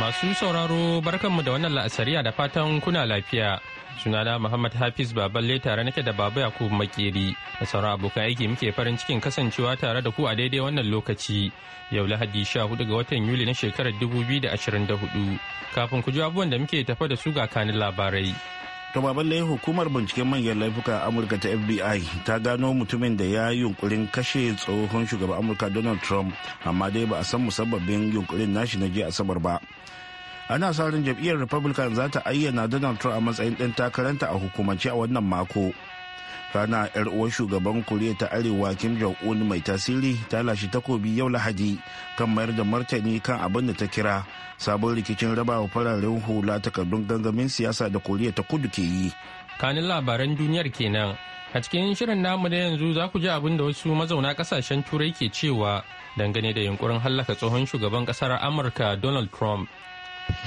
Masu sauraro barkanmu da wannan la'asariya da fatan kuna lafiya. Sunana Muhammad Hafiz Baballe tare nake da Baba Yakubu Makeri da sauran abokan aiki muke farin cikin kasancewa tare da ku a daidai wannan lokaci. Yau Lahadi hudu ga watan Yuli na shekarar 2024. Kafin ku ji abubuwan da muke tafa da su ga kanin labarai. to baban hukumar binciken manyan laifuka a amurka ta fbi ta gano mutumin da ya yunkurin kashe tsohon shugaban amurka donald trump amma dai ba a san musabbabin yunkurin nashi na jiya asabar ba ana sa ran jam'iyyar republican za ta ayyana donald trump a matsayin ɗan takaranta a hukumance a wannan mako rana yar uwar shugaban koriya ta arewa kim jong un mai tasiri ta lashe takobi yau lahadi kan mayar da martani kan abin da ta kira sabon rikicin rabawa fararen hula takardun gangamin siyasa da koriya ta kudu ke yi kanin labaran duniyar kenan a cikin shirin namu da yanzu za ku ji abin da wasu mazauna kasashen turai ke cewa dangane da yunkurin hallaka tsohon shugaban kasar amurka donald trump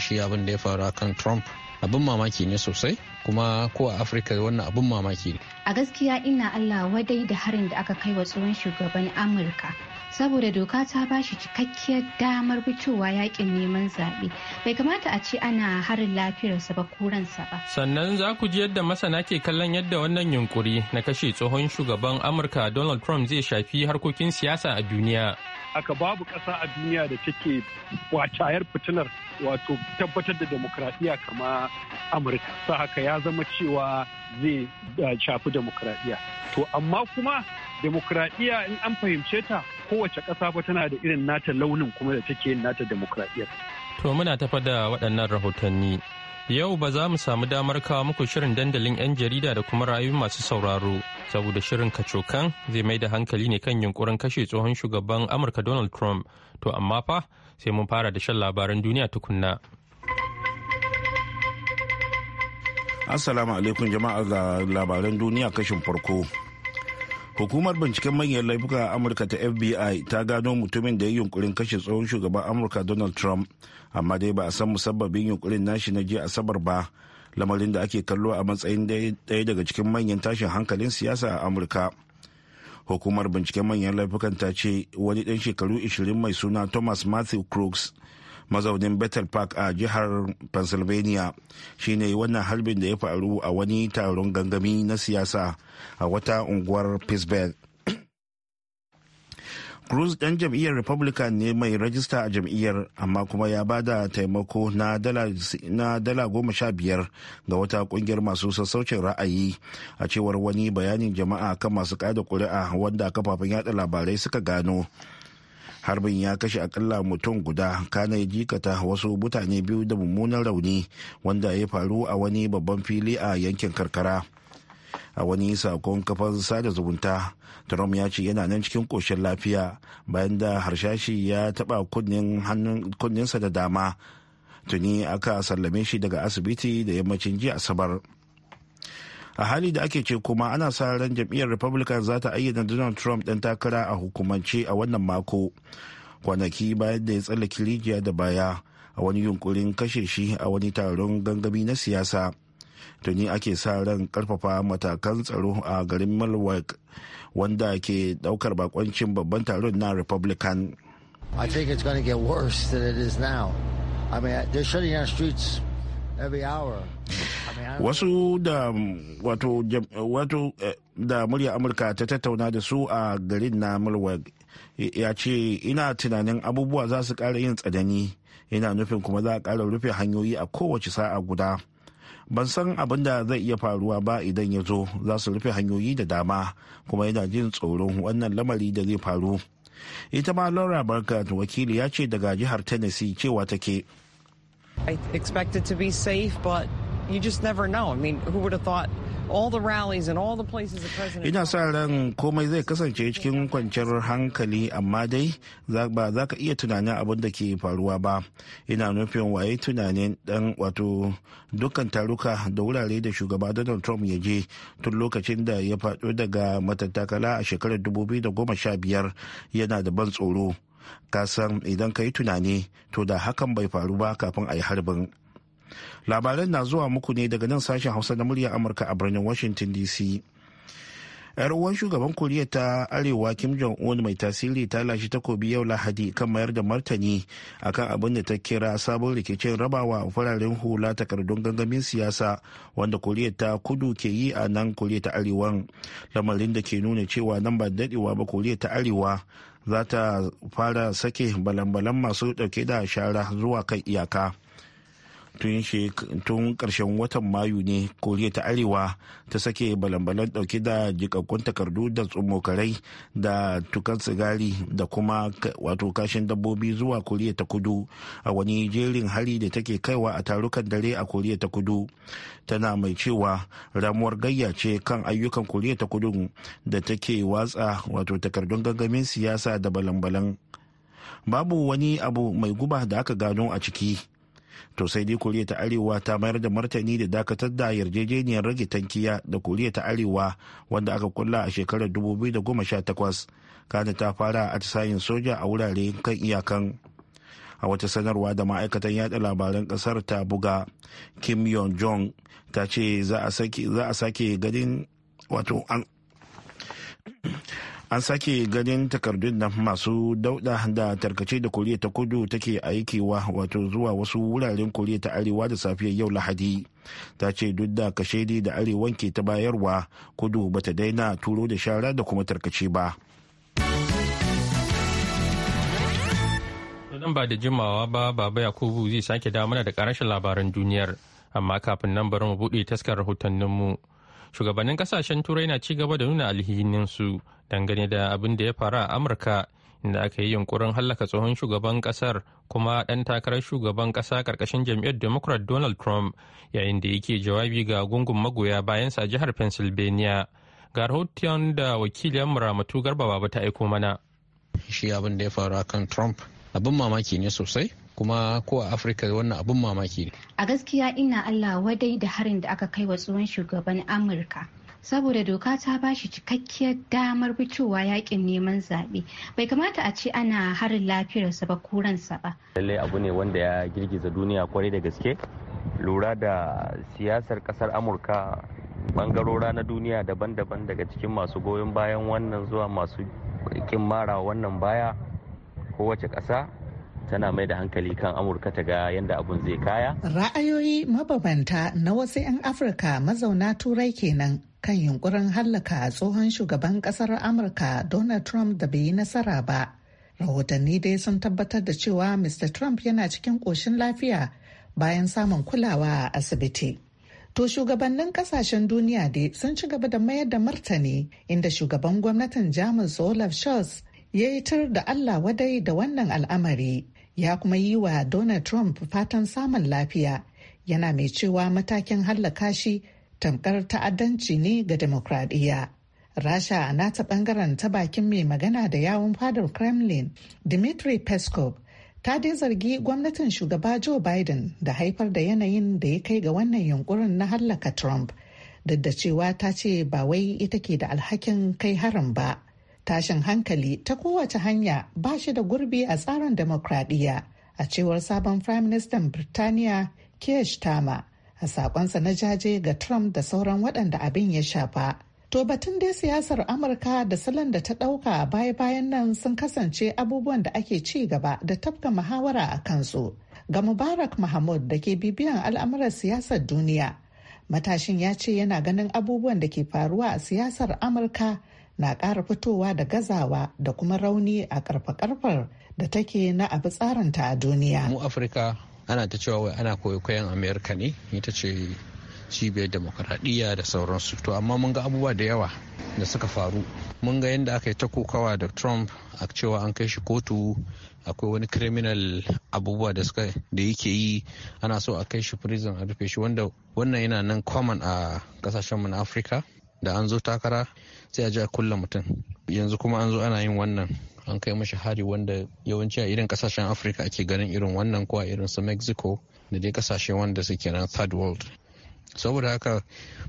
shi abin da ya faru kan trump abin mamaki ne sosai kuma ko a afirka wannan abin mamaki ne a gaskiya ina allah wadai da harin da aka kai wa tsohon shugaban amurka saboda doka ta ba shi cikakkiyar damar fitowa yakin neman zaɓe bai kamata a ce ana harin lafiyarsa ba ko ransa ba sannan za ku ji yadda masana ke kallon yadda wannan yunkuri na kashe tsohon shugaban amurka donald trump zai shafi harkokin siyasa a duniya aka babu ƙasa a duniya da take wacayar fitilar wato tabbatar da demokradiyya kama amurka sa haka ya zama cewa zai eh, shafi demokradiyya to amma kuma demokradiyya in an fahimce ta kowace ƙasa ba tana da irin nata launin kuma da take yin nata demokradiyyar. To muna tafa da waɗannan rahotanni. Yau ba za mu samu damar kawo muku shirin dandalin 'yan jarida da kuma rayuwar masu sauraro, saboda shirin kacokan zai mai da hankali ne kan yunkurin kashe tsohon shugaban Amurka Donald Trump. To amma fa sai mun fara da shan labaran duniya tukunna. Assalamu alaikum jama'a ga labaran duniya kashin farko. hukumar binciken manyan laifuka a amurka ta fbi ta gano mutumin da ya yunkurin kashe tsohon shugaban amurka donald trump amma dai ba a san musabbabin yunkurin nashi na jiya asabar ba lamarin da ake kallo a matsayin daya daga cikin manyan tashin hankalin siyasa a amurka hukumar binciken manyan laifukan ta ce wani dan shekaru 20 mai suna thomas matthew crooks mazaunin bethel park a jihar pennsylvania shi ne wannan harbin da ya faru a wani taron gangami na siyasa a wata unguwar pittsburgh cruz ɗan jam'iyyar republican ne mai rajista a jam'iyyar amma kuma ya ba da taimako na dala goma sha biyar ga wata ƙungiyar masu sassaucin ra'ayi a cewar wani bayanin jama'a kan masu ƙada ƙuri'a wanda kafafen yada labarai suka gano harbin ya kashe akalla mutum guda kana ya jikata wasu mutane biyu da mummunan rauni wanda ya faru a wani babban fili a yankin karkara a wani sakon kafan sada zumunta trump ya ce yana nan cikin koshin lafiya bayan da harshashi ya taba kunninsa da dama tuni aka sallame shi daga asibiti da yammacin jiya asabar a hali da ake ce kuma ana sa ran jam'iyyar republican za ta ayyana donald trump ɗan takara a hukumance a wannan mako kwanaki bayan da ya tsallake rijiya da baya a wani yunkurin kashe shi a wani taron gangami na siyasa tuni ake sa ran karfafa matakan tsaro a garin milwaukee wanda ke daukar bakoncin babban taron na republican i think it's going get worse than it is now i mean they're shutting down streets wasu da wato eh, da murya amurka ta tattauna da su a garin na milwag ya ce ina tunanin abubuwa za su ƙara yin tsanani ina nufin kuma za a ƙara rufe hanyoyi a kowace sa'a guda ban san abin da zai iya faruwa ba idan ya zo za su rufe hanyoyi da dama kuma yana jin tsoron wannan lamari da zai faru ita ma laura barkat wakili ya ce daga jihar tennessee cewa take I expect it to be safe, but you just never know. I mean, who would have thought Ina sa ran komai zai kasance cikin kwanciyar hankali amma dai ba za ka iya tunanin abin da ke faruwa ba. Ina nufin waye tunanin dan wato dukkan taruka da wurare da shugaba Donald Trump ya je tun lokacin da ya faɗo daga matattakala a shekarar 2015 yana da ban tsoro. ka san idan ka yi tunani to da hakan bai faru ba kafin a yi harbin labaran na zuwa muku ne daga nan sashen hausa na murya amurka a birnin washington dc 'yar uwan shugaban koriya ta arewa kim jong un mai tasiri ta lashe takobi yau lahadi kan mayar da martani akan abin da ta kira sabon rikicin rabawa fararen hula takardun gangamin siyasa wanda koriya ta kudu ke yi a nan koriya ta arewan lamarin da ke nuna cewa nan ba dadewa ba koriya ta arewa za ta fara sake balan-balan masu dauke da shara zuwa kan iyaka tun karshen watan mayu ne koriya ta arewa ta sake balambalan dauke da jikakkun takardu da tsumokarai da tukan sigari da kuma wato kashin dabbobi zuwa koriya ta kudu a wani jerin hari da take kaiwa a tarukan dare a koriya ta kudu tana mai cewa ramuwar gayya ce kan ayyukan koriya ta kudu da take watsa wato takardun gangamin siyasa da balambalan babu wani abu mai guba da aka gano a ciki to sai dai koriya ta arewa ta mayar da martani da dakatar da yarjejeniyar rage tankiya da koriya ta arewa wanda aka kulla a shekarar 2018 kana ta fara atisayin soja a wurare kan iyakan a wata sanarwa da ma'aikatan yada labaran kasar ta buga kim yong jong ta ce za a sake ganin wato an sake ganin takardun nan masu dauda da tarkace da koriya ta kudu take aikewa wato zuwa wasu wuraren koriya ta arewa da safiyar yau lahadi ta ce duk da kashedi da arewan ke ta bayarwa kudu bata daina turo da shara da kuma tarkace ba nan ba da jimawa ba baba yakubu zai sake damuna da karashin labaran duniyar amma kafin nan bari mu buɗe taskar rahotanninmu mu shugabannin kasashen turai na ci gaba da nuna su dangane da abin da ya faru a amurka inda aka yi yunkurin hallaka tsohon shugaban kasar kuma ɗan takarar shugaban ƙasa karkashin jam'iyyar democrat donald trump yayin da yake jawabi ga gungun magoya bayan sa jihar pennsylvania ga rahoton da wakiliyar muramatu garba babu ta aiko mana shi abin da ya faru akan trump abin mamaki ne sosai kuma ko a afirka wannan abun mamaki ne a gaskiya ina allah wadai da harin da aka kai wa tsohon shugaban amurka saboda doka ta ba shi cikakkiyar damar fitowa yakin neman zaɓe bai kamata a ce ana harin lafiyarsa ba ko ransa ba lallai abu ne wanda ya girgiza duniya kwarai da gaske lura da siyasar kasar amurka bangarora na duniya daban-daban daga cikin masu goyon bayan wannan zuwa masu kin mara wannan baya kowace ƙasa tana mai da hankali kan amurka ta ga yadda abun zai kaya ra'ayoyi mababanta na wasu 'yan afirka mazauna turai kenan kan yunkurin hallaka tsohon shugaban kasar amurka donald trump da bai yi nasara ba rahotanni dai sun tabbatar da cewa mr trump yana cikin ƙoshin lafiya bayan samun kulawa a asibiti To shugabannin kasashen duniya dai sun ci gaba da mayar da martani inda shugaban gwamnatin Jamus Olaf Scholz ya yi tur da Allah wadai da wannan al'amari ya kuma yi wa Donald Trump fatan samun lafiya yana mai cewa matakin hallaka shi tamkar ta'addanci ne ga demokradiyya. Rasha a nata bangaren ta bakin mai magana da yawon fadar Kremlin, Dmitry Peskov, ta dai zargi gwamnatin shugaba Joe Biden da haifar da yanayin da ya kai ga wannan yunkurin na hallaka Trump, duk da cewa ta ce ba wai ita ke da alhakin kai harin ba. tashin hankali ta kowace hanya ba shi da gurbi a tsarin demokradiyya a cewar sabon prime minister birtaniya keir starmer a sakonsa na jaje ga trump da sauran waɗanda abin ya shafa to batun dai siyasar amurka da salon da ta ɗauka a baya-bayan nan sun kasance abubuwan da ake ci gaba da tafka muhawara a kansu ga mubarak mahmud da ke bibiyan al'amuran siyasar duniya matashin ya ce yana ganin abubuwan da ke faruwa a siyasar amurka na ƙara fitowa da gazawa da kuma rauni a ƙarfa ƙarfar da take na abu tsarinta a duniya. Mu Afirka ana ta cewa wai ana kwaikwayon Amerika ne ita ce cibiyar demokaradiyya da sauransu to amma mun ga abubuwa da yawa da suka faru mun ga yadda aka yi ta kokawa da trump a cewa an kai shi kotu akwai wani criminal abubuwa da suka da yake yi ana so a kai shi prison a rufe shi wanda wannan yana nan common a kasashenmu na afirka da an zo takara sai a ji a kulla mutum yanzu kuma an zo ana yin wannan an kai mashi hari wanda yawanci a irin kasashen afirka ake ganin irin wannan ko a irin su mexico da dai kasashe wanda suke na third world saboda haka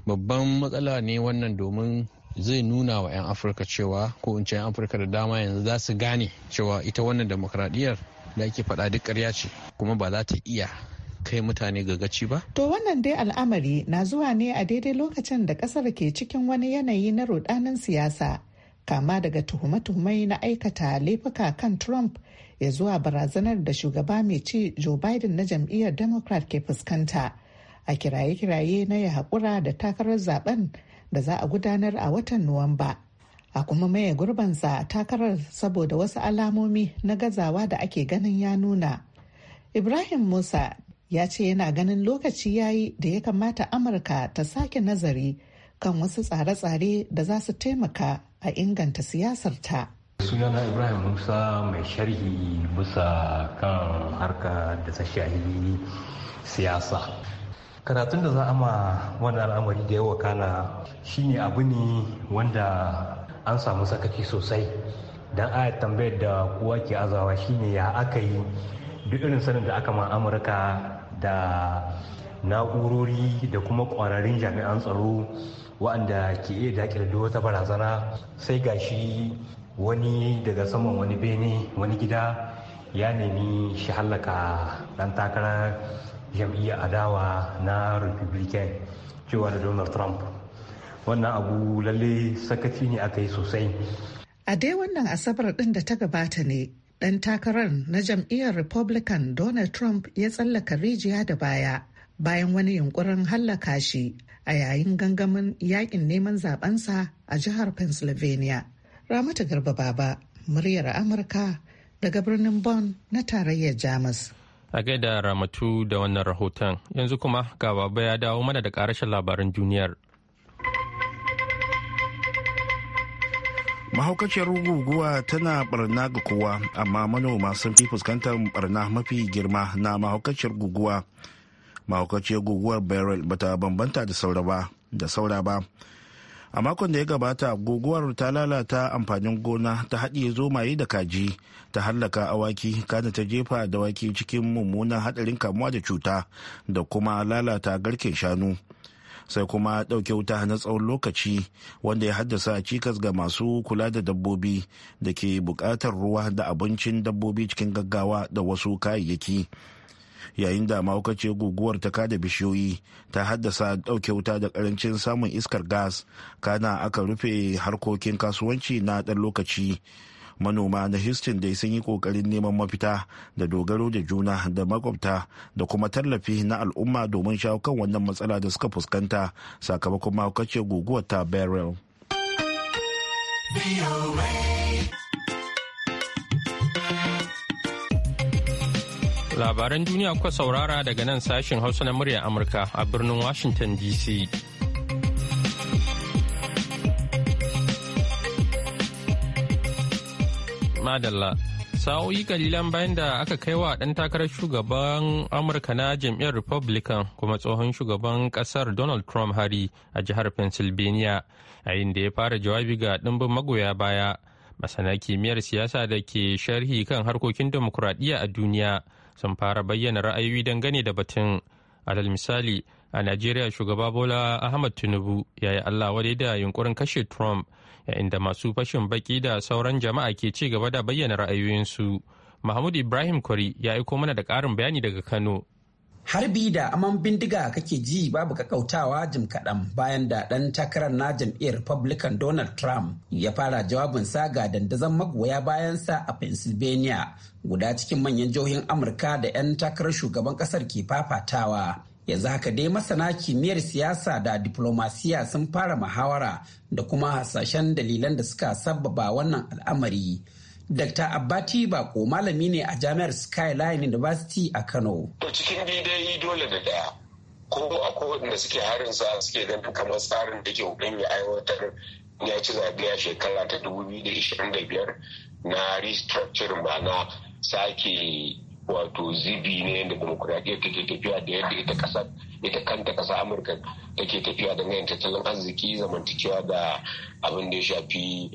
babban matsala ne wannan domin zai nuna wa 'yan afirka cewa ko in ce 'yan afirka da dama yanzu za su gane cewa ita wannan demokradiyyar da ake faɗa duk ƙarya ce kuma ba za ta iya kai mutane ga gaci ba? To wannan dai al'amari na zuwa ne a daidai lokacin da kasar ke cikin wani yanayi na rudanin siyasa kama daga tuhume-tuhumai na aikata laifuka kan Trump ya zuwa barazanar da shugaba mai ci Joe Biden na jam'iyyar Democrat ke fuskanta a kiraye-kiraye na ya haƙura da takarar zaben da za a gudanar a watan Nuwamba. A kuma maye gurbansa takarar saboda wasu alamomi na gazawa da ake ganin ya nuna. Ibrahim Musa ya ce yana ganin lokaci ya yi da ya kamata amurka ta sake nazari kan wasu tsare-tsare da za su taimaka a inganta siyasarta sunana ibrahim musa mai sharhi bisa kan harka da ta siyasa karatun da za a ma wannan al'amari da yawa kana shine abu ne wanda an samu sakaci sosai don aya tambayar da kowa ke azawa shine ya aka yi duk irin sanin da aka ma amurka da na'urori da kuma ƙwararrun jami'an tsaro waɗanda ke iya daƙile da wata barazana sai gashi wani daga saman wani bene wani gida ya nemi shi hallaka ɗan takarar jam'iyyar adawa na republican cewa da donald trump wannan abu lalle sakaci ne aka yi sosai a dai wannan asabar ɗin da ta gabata ne ɗan takarar na jam'iyyar Republican Donald Trump ya tsallaka rijiya da baya bayan wani yunkurin hallaka shi a yayin gangamin yakin neman zabensa a jihar Pennsylvania. Ramata Garba Baba, muryar Amurka daga birnin Bonn na tarayyar Jamus. A gaida Ramatu da wannan rahoton, yanzu kuma ga ya dawo mana da ƙarashin labaran duniyar. mahaukaciyar guguwa tana barna ga kowa amma manoma sun fi fuskantar barna mafi girma na mahaukaciyar guguwa mahaukaciyar guguwar beryl bata bambanta da saura ba da saura ba a makon da ya gabata guguwar ta lalata amfanin gona ta haɗiye zomaye da kaji ta hallaka awaki kada ta jefa dawaki cikin mummunan haɗarin kamuwa da cuta da kuma lalata garken shanu sai kuma ɗauke wuta na tsawon lokaci wanda ya haddasa cikas ga masu kula da dabbobi da ke buƙatar ruwa da abincin dabbobi cikin gaggawa da wasu kayayyaki yayin da mahaukaci guguwar ta kada bishiyoyi ta haddasa ɗauke wuta da ƙarancin samun iskar gas kana aka rufe harkokin kasuwanci na ɗan lokaci manoma na houston dai sun yi kokarin neman mafita da dogaro da juna da makwabta da kuma tallafi na al'umma domin shawo kan wannan matsala da suka fuskanta sakamakon mahaukacin guguwar ta beryl labaran duniya kuka saurara daga nan sashen hausa na murya amurka a birnin washington dc Madalla. Sa'o'i kalilan bayan da aka kai wa ɗan takarar shugaban Amurka na jam'iyyar Republican kuma tsohon shugaban ƙasar Donald Trump hari a jihar Pennsylvania, yayin da ya fara jawabi ga ɗimbin magoya baya. Masana kimiyyar siyasa da ke sharhi kan harkokin demokuraɗiyya a duniya sun fara bayyana ra'ayoyi dangane da batun. Alal misali, a Najeriya shugaba Bola Ahmad Tinubu ya yi Allah wadai da yunkurin kashe Trump. inda masu fashin baki da sauran jama'a ke ci gaba da bayyana ra'ayoyinsu mahmud ibrahim kwari ya aiko mana da ƙarin bayani daga kano harbi da aman bindiga kake ji babu kakautawa jim kaɗan bayan da ɗan takarar na jam'iyyar republican donald trump ya fara jawabinsa ga dandazon magoya bayansa a pennsylvania guda cikin manyan jihohin amurka da 'yan takarar shugaban ƙasar ke fafatawa yanzu haka dai masana kimiyyar siyasa da diplomasiya sun fara muhawara da kuma hasashen dalilan da suka sabbaba wannan al'amari Dr. Abbati Bako malami ne a jami'ar Skyline University a Kano. To cikin bidai dole da daya. Ko akwai da suke harin sa suke ganin kamar tsarin da ke hudun ya aiwatar ya ci zaɓe a shekara ta 2025 na restructuring ba na sake wato zibi ne yadda demokuraɗiyya take tafiya da yadda ita ƙasar ita kanta ƙasar amurka take tafiya da ganin tattalin arziki zamantakewa da abin da ya shafi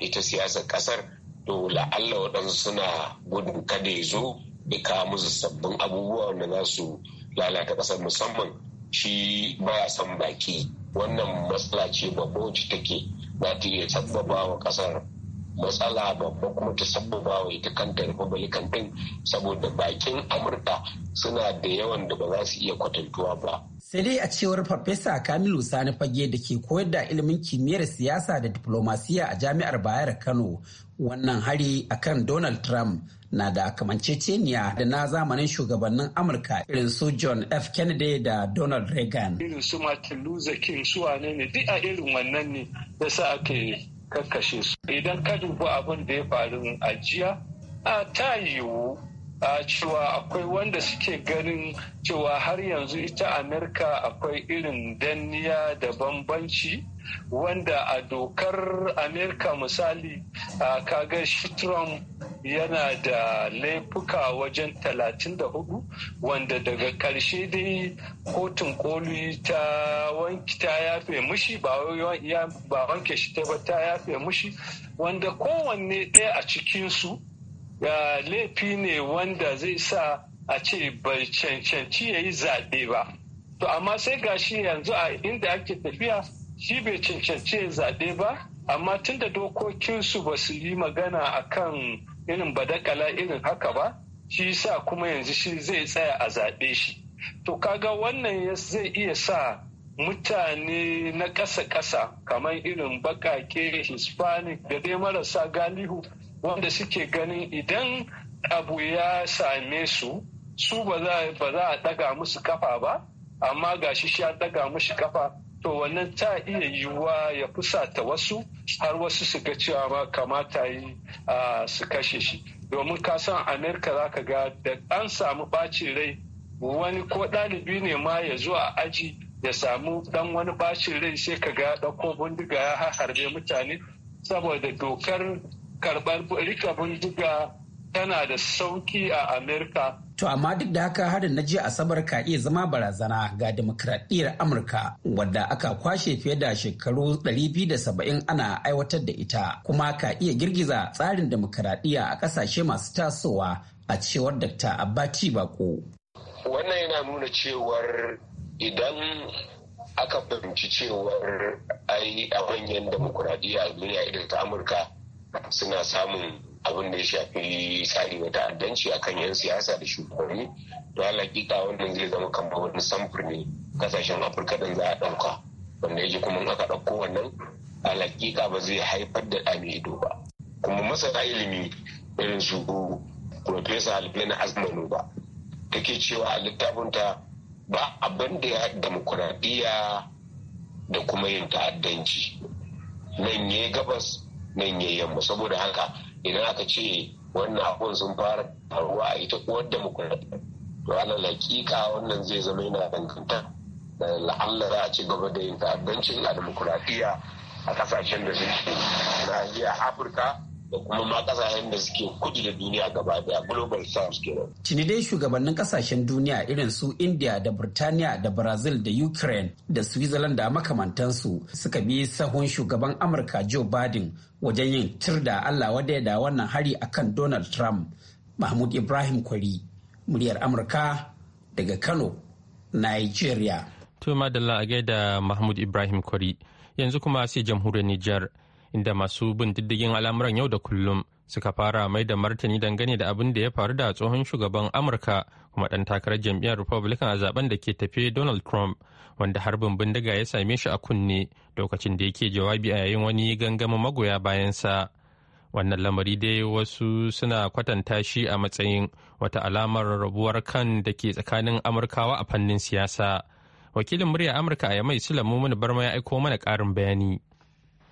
ita siyasar ƙasar to la'alla waɗansu suna gudun kada ya zo ya kawo musu sabbin abubuwa wanda za su lalata ƙasar musamman shi baya son baki wannan matsala ce babba wacce take za ta iya sabbaba wa ƙasar matsala babba kuma ta sabbaba wa ita kanta republican din saboda bakin amurka suna da yawan da ba za su iya kwatantuwa ba sai dai a cewar farfesa kamilu sani fage da ke koyar da ilimin kimiyyar siyasa da diplomasiya a jami'ar bayar kano wannan hari akan donald trump na da kamanceceniya da na zamanin shugabannin amurka irin su john f kennedy da donald reagan irin su martin luther king su ne duk a irin wannan ne ya sa aka yi kakkashe su idan ka dubi abin da ya faru a jiya a ta yiwu a cewa akwai wanda suke ganin cewa har yanzu ita amerika akwai irin danniya da bambanci wanda a dokar amerika misali kaga shi trump yana da laifuka wajen 34 wanda daga ƙarshe dai kotun koli ta wanki ta yafe mushi ba wanke shi ta ba ta yafe mushi wanda kowanne ɗaya a cikinsu laifi ne wanda zai sa a ce bai cancanci ya yi zaɓe ba to amma sai gashi yanzu a inda ake tafiya shi bai cancanci zaɓe ba amma tun da dokokinsu ba su yi magana a kan irin badakala irin haka ba shi sa kuma yanzu shi zai tsaya a zaɓe shi to kaga wannan zai iya sa mutane na ƙasa-ƙasa kamar irin baƙaƙe hispanic da dai marasa galihu wanda suke ganin idan abu ya same su su ba za a ɗaga musu kafa ba amma ga shi ya ɗaga musu kafa to wannan ta iya yiwuwa ya fusata wasu har wasu su ga cewa ma kamata yi su kashe shi domin ka san amerika za ka ga da an samu ɓacin rai wani ko ɗalibi ne ma ya zo a aji ya samu ɗan wani ɓacin rai sai ka ga ɗauko bindiga ya harbe mutane saboda dokar karɓar rika bindiga tana da sauki a Amerika. To amma duk da haka harin na jiya Asabar ka iya zama barazana ga demokradiyyar Amurka wadda aka kwashe fiye da shekaru 270 ana aiwatar da ita kuma ka iya girgiza tsarin demokradiyya a kasashe masu tasowa a cewar Dr. Abbati Bako. Wannan yana nuna cewar idan aka fahimci cewar ai a manyan demokradiyya duniya irin ta Amurka suna samun abin da ya shafi tsari wa ta'addanci akan yan siyasa da shugabanni to hakika wannan zai zama kamar wani samfur ne kasashen afirka din za a ɗauka wanda yake kuma aka ɗauko wannan hakika ba zai haifar da ɗa ido ba kuma masana ilimi irin su profesa alfina azmanu ba take cewa a littafinta ba abin da ya demokuraɗiyya da kuma yin ta'addanci nan ya gabas nan ya yamma saboda haka idan aka ce wannan abun sun fara faruwa a ita uwar demokuraɗiyya to ala laƙiƙa wannan zai zama yana danganta da la'alla za a ci gaba da yin ta'addancin a demokuraɗiyya a ƙasashen da suke nahiyar afirka da kuma ma kasashen da suke kudu da duniya gaba daya global south kenan. Tuni dai shugabannin kasashen duniya irin su India da Burtaniya da Brazil da Ukraine da Switzerland da makamantansu suka bi sahun shugaban Amurka Joe Biden wajen yin tur da Allah ya da wannan hari akan Donald Trump. Mahmud Ibrahim Kwari, muryar Amurka daga Kano, Nigeria. To madalla a gaida Mahmud Ibrahim Kwari, yanzu kuma sai jamhuriyar Nijar. inda masu bin diddigin al'amuran yau da kullum suka fara mai da martani dangane da abin da ya faru da tsohon shugaban amurka kuma ɗan takarar jam'iyyar republican a zaben da ke tafe donald trump wanda harbin bindiga ya same shi a kunne lokacin da yake jawabi a yayin wani gangamin magoya bayansa wannan lamari dai wasu suna kwatanta shi a matsayin wata alamar rabuwar kan da ke tsakanin amurkawa a fannin siyasa wakilin murya amurka a yamai sulamu mini barma ya aiko mana ƙarin bayani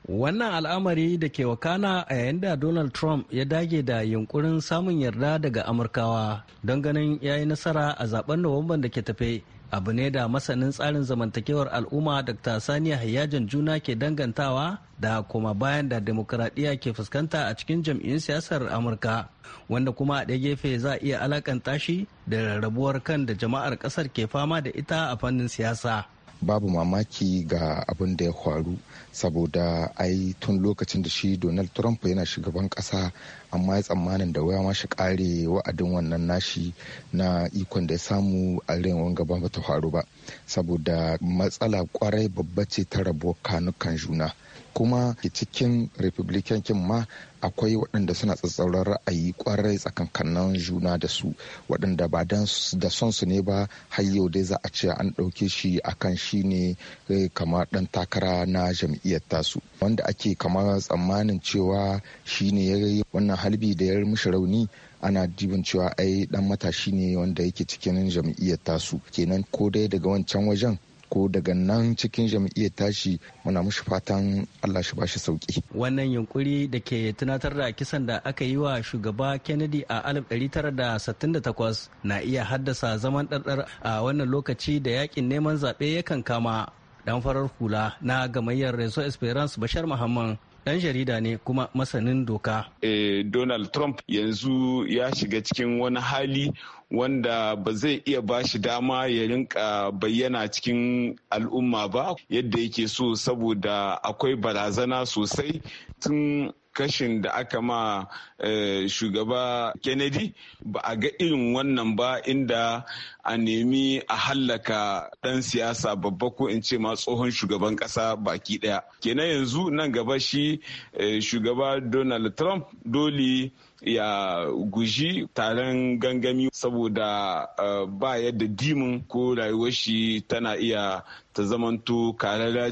wannan al'amari da ke wakana a yayin da donald trump ya dage da yunkurin samun yarda daga amurkawa don ganin ya yi nasara a zaben nuwamban da ke tafe abu ne da masanin tsarin zamantakewar al'umma dr saniya hayajan juna ke dangantawa da kuma bayan da demokuraɗiyya ke fuskanta a cikin jam'iyyun siyasar amurka wanda kuma a ɗaya gefe za a iya alakanta shi da rarrabuwar kan da jama'ar ƙasar ke fama da ita a fannin siyasa babu mamaki ga abin da ya faru saboda ai tun lokacin da shi donald trump yana shugaban kasa amma ya tsammanin da waya shi kare wa'adin wannan nashi na ikon da ya samu a rayuwar gaba ba ta faru ba saboda matsala kwarai babba ce ta rabuwa kanukan juna kuma cikin republican kin ma akwai waɗanda suna tsatsauran ra'ayi kwarai tsakankanin juna da su waɗanda ba da son su ne ba har yau dai za a ce an ɗauke shi akan shi ne eh, kamar ɗan takara na jam'iyyar tasu wanda ake kamar tsammanin cewa shi ne ya yi wannan halbi da ya mishi rauni ana dibin cewa ai dan matashi ne wanda yake cikin jam'iyyar tasu kenan ko dai daga wancan wajen ko daga nan cikin jam'iyyar tashi muna mushi fatan allah shi bashi sauki wannan yunkuri da ke tunatar da kisan da aka yi wa shugaba kennedy a 1968 na iya haddasa zaman ɗarɗar a wannan lokaci da yakin neman zaɓe yakan kama dan farar hula na gamayyar reso esperance bashar muhammad ɗan jarida ne kuma masanin doka. Eh, Donald Trump yanzu ya shiga cikin wani hali wanda ba zai iya ba shi dama ya rinka bayyana cikin al'umma ba yadda yake so saboda akwai barazana sosai tun kashin da aka ma eh, shugaba kennedy ba a ga irin wannan ba inda a nemi a hallaka ɗan siyasa babba ko in ce ma tsohon shugaban ƙasa baki ɗaya kenan yanzu nan gaba shi eh, shugaba donald trump dole ya guji taron gangami saboda eh, ba yadda dimin ko rayuwar shi tana iya ta zamanto karara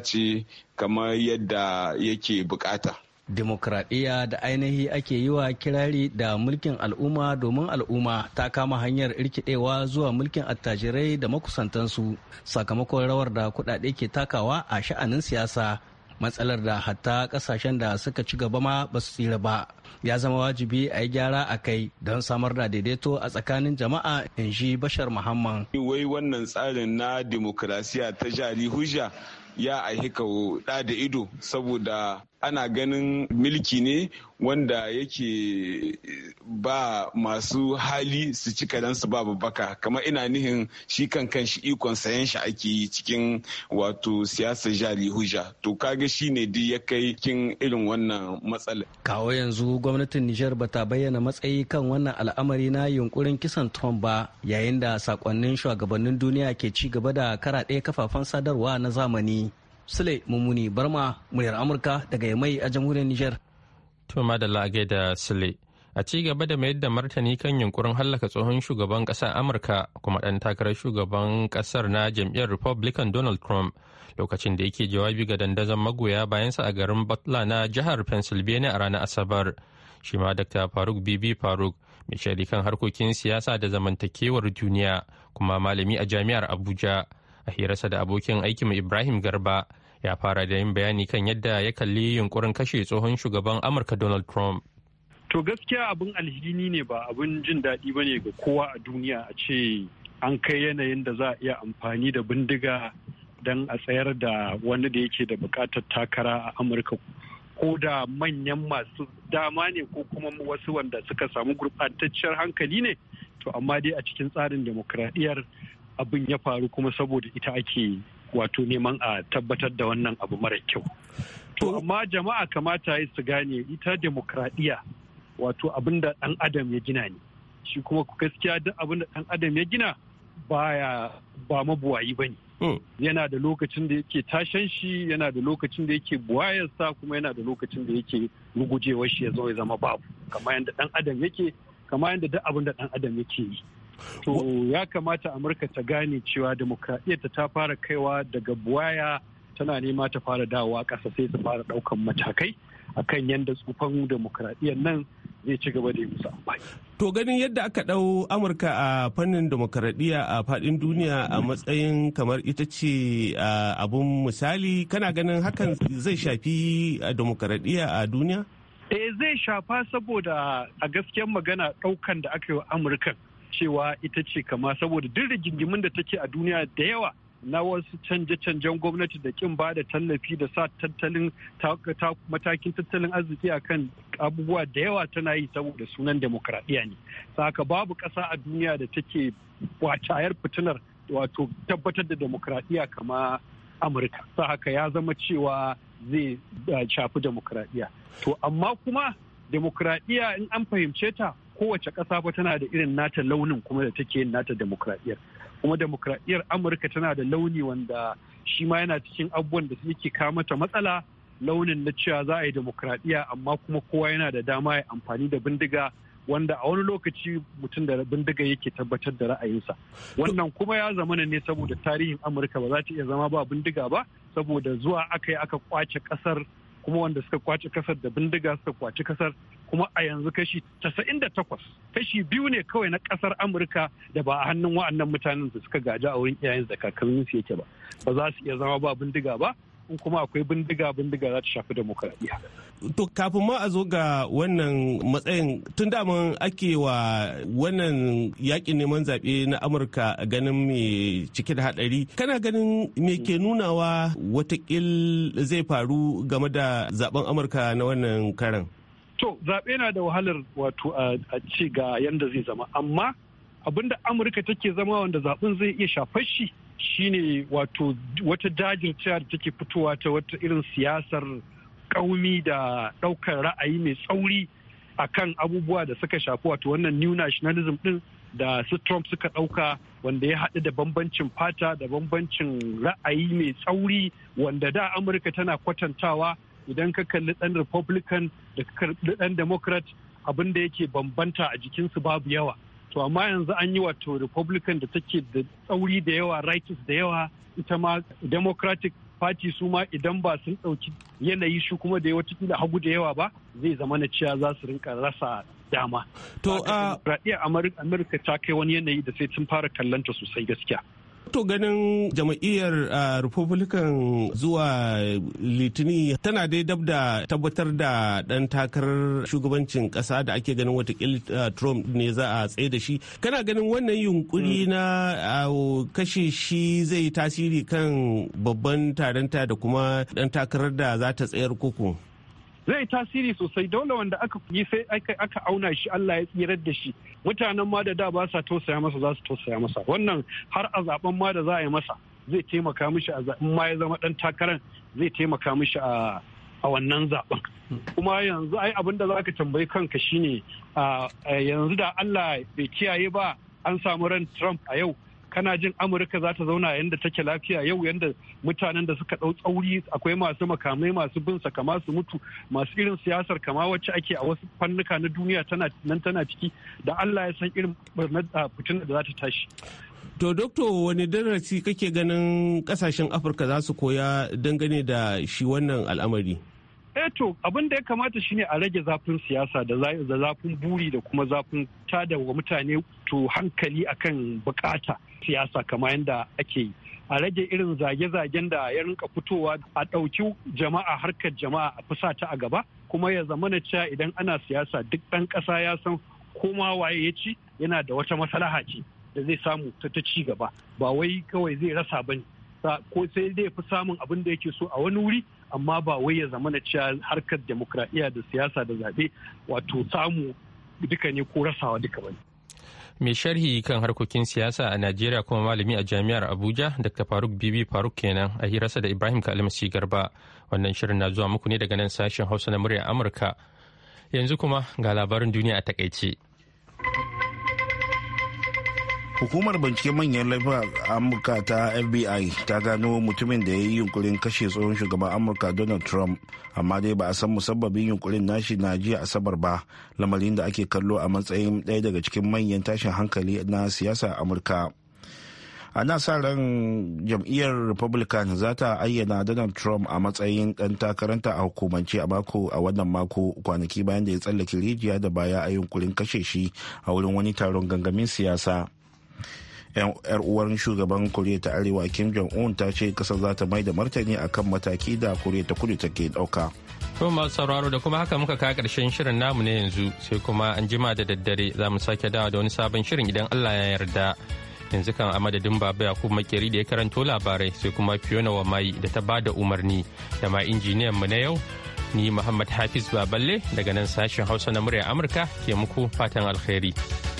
kamar yadda yake bukata dimokuraɗiyya da ainihi ake yi wa kirari da mulkin al'umma domin al'umma ta kama hanyar irkidewa zuwa mulkin attajirai da makusantansu sakamakon rawar da kuɗaɗe ke takawa a sha'anin siyasa matsalar da hatta ƙasashen da suka ci gaba ma ba su tsira ba ya zama wajibi a yi gyara a kai don samar da daidaito a tsakanin jama'a in shi bashar muhammad wai wannan tsarin na demokrasiya ta jari hujja ya ahi da ido saboda ana ganin milki ne wanda yake ba masu hali su ci kadansu su ba babbaka kamar ina nihin shi kan shi ikon sayan shi ake yi cikin wato siyasar jari hujja to kaga shi ne duk ya kai kin irin wannan matsala kawo yanzu gwamnatin nijar ta bayyana matsayi kan wannan al'amari na yunkurin kisan tom ba yayin da sakonnin shugabannin duniya ke ci gaba da ɗaya kafafen sadarwa na zamani Sule Mummuni Barma muryar Amurka daga Yamai a jamhuriyar niger To madalla a da Sule. A ci gaba da mayar da martani kan yunkurin hallaka tsohon shugaban kasar Amurka kuma ɗan takarar shugaban ƙasar na jam'iyyar Republican Donald Trump lokacin da yake jawabi ga dandazon magoya bayan sa a garin Butler na jihar Pennsylvania a ranar Asabar. Shi ma Dr. Faruk Bibi Faruk mai shari kan harkokin siyasa da zamantakewar duniya kuma malami a jami'ar Abuja a hirarsa da abokin aikin ibrahim garba ya fara da yin bayani kan yadda ya kalli yunkurin kashe tsohon shugaban amurka donald trump to gaskiya abin alhini ne ba abun jin daɗi ba ne ga kowa a duniya a ce an kai yanayin da za a iya amfani da bindiga don a tsayar da wani da yake da buƙatar takara a amurka ko da manyan masu dama ne ko kuma wasu wanda suka samu gurɓataccen hankali ne to amma dai a cikin tsarin demokradiyyar abin ya faru kuma saboda ita ake wato neman a tabbatar da wannan abu mara kyau to amma jama'a kamata ya su gane ita demokradiyya wato abin da ɗan adam ya gina ne shi kuma gaskiya duk abin da ɗan adam ya gina baya ba mabuwayi ba ne hmm. yana da lokacin da yake tashan shi yana da lokacin da yake buwayarsa kuma yana da lokacin da yake rugujewar shi ya ya zama babu kamar yadda ɗan adam yake kamar yadda duk abin da ɗan adam yake yi to ya kamata amurka ta gane cewa demokradiyyarta ta fara kaiwa daga buwaya tana nema ta fara dawowa ƙasa sai ta fara ɗaukan matakai akan yadda tsufan demokradiyyar nan zai ci gaba da yi musu amfani. To ganin yadda aka ɗau Amurka a fannin demokradiyya a faɗin duniya a matsayin kamar ita ce abun misali kana ganin hakan zai shafi demokradiyya a duniya? Eh zai shafa saboda a gaskiyar magana ɗaukan da aka yi wa amurkan. cewa ita ce kama saboda duk rigingimin da take a duniya da yawa na wasu canje-canjen gwamnati da kin ba da tallafi da sa tattalin matakin tattalin arziki a kan abubuwa da yawa tana yi saboda sunan demokradiyya ne saka babu ƙasa a duniya da take wacayar fitinar wato tabbatar da demokradiyya kama amurka sa ya zama cewa zai eh, shafi demokradiyya to amma kuma demokradiyya in an fahimce ta kowace ƙasa ba tana da irin nata launin kuma da take yin nata demokradiyyar kuma demokradiyyar amurka tana da launi wanda shi ma yana cikin abubuwan da suke kawo mata matsala launin na cewa za a yi demokradiyya amma kuma kowa yana da dama ya amfani da bindiga wanda a wani lokaci mutum da bindiga yake tabbatar da ra'ayinsa wannan kuma ya zamana ne saboda tarihin amurka ba za ta iya zama ba bindiga ba saboda zuwa aka yi aka kwace kasar kuma wanda suka kwace kasar da bindiga suka kwace kasar kuma a yanzu kashi 98 kashi biyu ne kawai na kasar amurka da ba a hannun wa'annan mutanen da suka gaji a wurin iyayen da kakannin su yake ba ba za su iya zama ba bindiga ba in kuma akwai bindiga bindiga za ta shafi demokradiyya. To kafin ma a zo ga wannan matsayin tun da mun ake wa wannan yakin neman zaɓe na Amurka ganin mai cike da haɗari. Kana ganin me ke nunawa watakil zai faru game da zaben Amurka na wannan karan? to zaɓe na da wahalar wato a ci ga yanda zai zama amma abinda amurka take zama wanda zaɓen zai iya shafar shi shine wato wata dajircewa da take fitowa ta wata irin siyasar ƙaumi da ɗaukar ra'ayi mai tsauri akan abubuwa da suka shafi wato wannan new nationalism din da su Trump suka ɗauka wanda ya haɗu da bambancin fata da bambancin ra'ayi mai tsauri wanda da Amurka tana kwatantawa idan ka kalli dan republican da ka kalli dan democrat abin da yake bambanta a jikinsu babu yawa to amma yanzu an yi wato republican da take da tsauri da yawa rights da yawa ita ma democratic party su ma idan ba sun ɗauki yanayi shi kuma da da hagu da yawa ba zai zama na cewa za su rinka rasa dama. To ah, a Amurka ta kai wani yanayi da sai sun fara kallanta sosai gaskiya. To ganin jama'iyyar Republican zuwa Litini tana dai dab da tabbatar da ɗan takarar shugabancin ƙasa da ake ganin wata Trump ne za a tsaye da shi. Kana ganin wannan yunkuri mm. na kashe shi zai tasiri kan babban taronta da kuma ɗan takarar da za ta tsayar koko? zai tasiri sosai dole wanda aka yi sai aka auna shi Allah ya tsirar da shi mutanen ma da da ba sa tausaya masa za su tausaya masa wannan har a zaben ma da za a yi masa zai taimaka mishi a zaben ma ya zama dan takarar zai taimaka mishi a wannan zaben kuma yanzu ai abinda da za ka tambayi kanka shine yanzu da Allah bai kiyaye ba an samu ran Trump a yau kana jin amurka za ta zauna yadda take lafiya yau yadda mutanen da suka dau tsauri akwai masu makamai masu bin sa kama su mutu masu irin siyasar kama wacce ake a wasu fannuka na duniya tana nan tana ciki da allah ya san irin fitinar da za ta tashi To, Dokto, wani darasi kake ganin kasashen Afirka za su koya dangane da shi wannan al'amari? Eh to, abin da ya kamata shine a rage zafin siyasa da zafin buri da kuma zafin tada wa mutane to hankali akan bukata. siyasa kamar yadda ake yi a rage irin zage-zagen da ya rinka fitowa a ɗauki jama'a harkar jama'a a ta a gaba kuma ya zama na cewa idan ana siyasa duk ɗan ƙasa ya san koma waye ya ci yana da wata maslaha ce da zai samu ta ta ci gaba ba wai kawai zai rasa ba ko sai zai fi samun abin da yake so a wani wuri amma ba wai ya zama na cewa harkar demokradiyya da siyasa da zaɓe wato samu duka ne ko rasawa duka ba ne. mai sharhi kan harkokin siyasa a najeriya kuma malami a jami'ar abuja dr faruk bibi faruk kenan a hirarsa da ibrahim kalmasi garba wannan shirin na zuwa muku ne daga nan sashen hausa na murya amurka yanzu kuma ga labarin duniya a takaice hukumar binciken manyan laifuka amurka ta fbi ta gano mutumin da ya yi yunkurin kashe tsohon shugaban amurka donald trump amma dai ba a san musabbabin yunkurin nashi na jiya asabar ba lamarin da ake kallo a matsayin ɗaya daga cikin manyan tashin hankali na siyasa amurka ana sa ran jam'iyyar republican za ta ayyana donald trump a matsayin ɗan takaranta a hukumance a mako a wannan mako kwanaki bayan da ya tsallake rijiya da baya a yunkurin kashe shi a wurin wani taron gangamin siyasa 'yan uwar shugaban koriya ta arewa kim jong-un ta ce kasar za ta mai da martani akan mataki da koriya ta kudu take dauka to masu sauraro da kuma haka muka kawo karshen shirin namu ne yanzu sai kuma an jima da daddare za mu sake dawa da wani sabon shirin idan allah ya yarda yanzu kan a madadin baba yakubu makeri da ya karanto labarai sai kuma fiona wa mai da ta bada umarni da ma injiniyan mu na yau ni muhammad hafiz baballe daga nan sashen hausa na murya amurka ke muku fatan alheri.